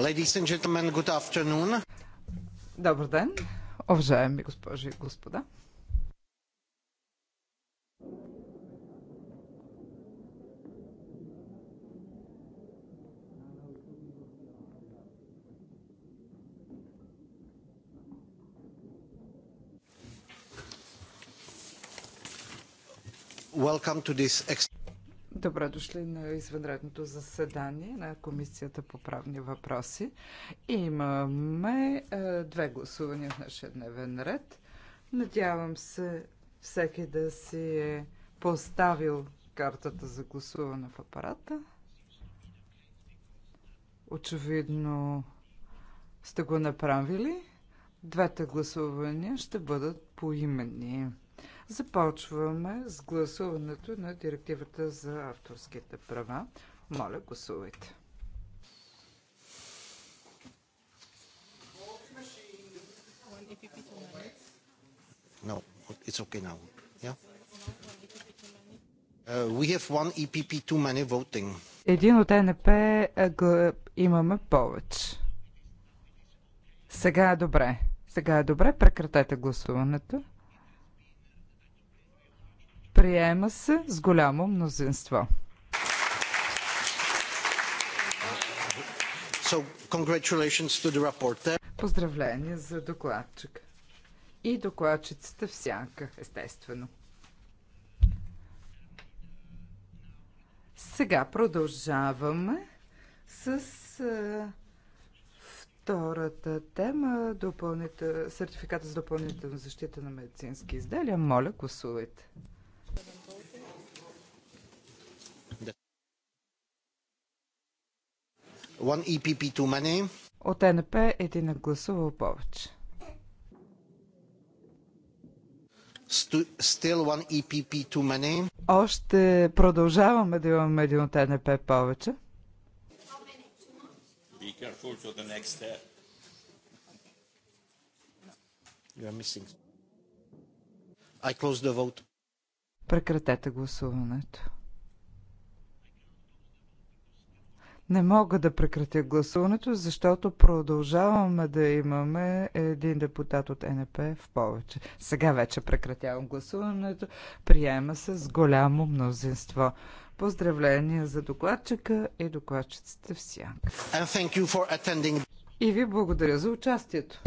Ladies and gentlemen, good afternoon. Добър ден, уважаеми госпожи и господа. Welcome to this Добре дошли на извънредното заседание на Комисията по правни въпроси. Имаме е, две гласувания в нашия дневен ред. Надявам се всеки да си е поставил картата за гласуване в апарата. Очевидно сте го направили. Двете гласувания ще бъдат поименни. Започваме с гласуването на директивата за авторските права. Моля, гласувайте. No, it's okay now. Yeah? Uh, we have one EPP too many voting. Един от НП е имаме повече. Сега е добре. Сега е добре. Прекратете гласуването. Приема се с голямо мнозинство. So, Поздравления за докладчика. И докладчицата сянка естествено. Сега продължаваме с втората тема допълнител... сертификата за допълнителна защита на медицински изделия. Моля, гласувайте. One EPP too many. От НП един е гласувал повече. Still one EPP too many. Още продължаваме да имаме един от НП повече. Be careful the next step. You are missing. I close the vote. Прекратете гласуването. Не мога да прекратя гласуването, защото продължаваме да имаме един депутат от НП в повече. Сега вече прекратявам гласуването. Приема се с голямо мнозинство. Поздравления за докладчика и докладчиците в Сянка. И ви благодаря за участието.